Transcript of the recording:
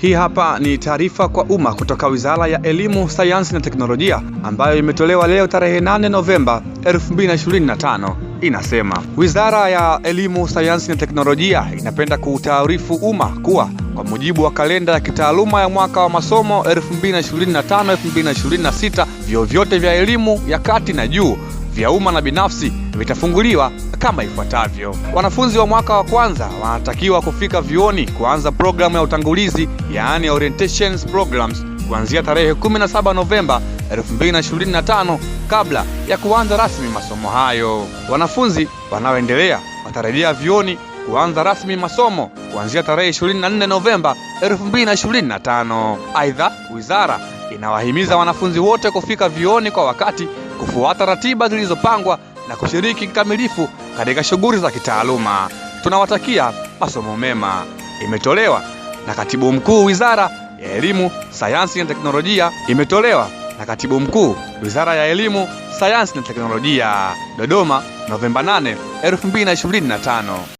Hii hapa ni taarifa kwa umma kutoka Wizara ya Elimu, Sayansi na Teknolojia ambayo imetolewa leo tarehe 8 Novemba 2025. Inasema Wizara ya Elimu, Sayansi na Teknolojia inapenda kuutaarifu umma kuwa kwa mujibu wa kalenda ya kitaaluma ya mwaka wa masomo 2025-2026, vyuo vyote vya elimu ya kati na juu vya umma na binafsi vitafunguliwa kama ifuatavyo. Wanafunzi wa mwaka wa kwanza wanatakiwa kufika vyuoni kuanza programu ya utangulizi, yaani orientations programs kuanzia tarehe 17 Novemba 2025 kabla ya kuanza rasmi masomo hayo. Wanafunzi wanaoendelea watarejea vyuoni kuanza rasmi masomo kuanzia tarehe 24 Novemba 2025. Aidha, wizara inawahimiza wanafunzi wote kufika vioni kwa wakati, kufuata ratiba zilizopangwa na kushiriki kikamilifu katika shughuli za kitaaluma. Tunawatakia masomo mema. Imetolewa na Katibu Mkuu Wizara ya Elimu, Sayansi na Teknolojia. Imetolewa na Katibu Mkuu Wizara ya Elimu, Sayansi na Teknolojia, Dodoma, Novemba 8, 2025.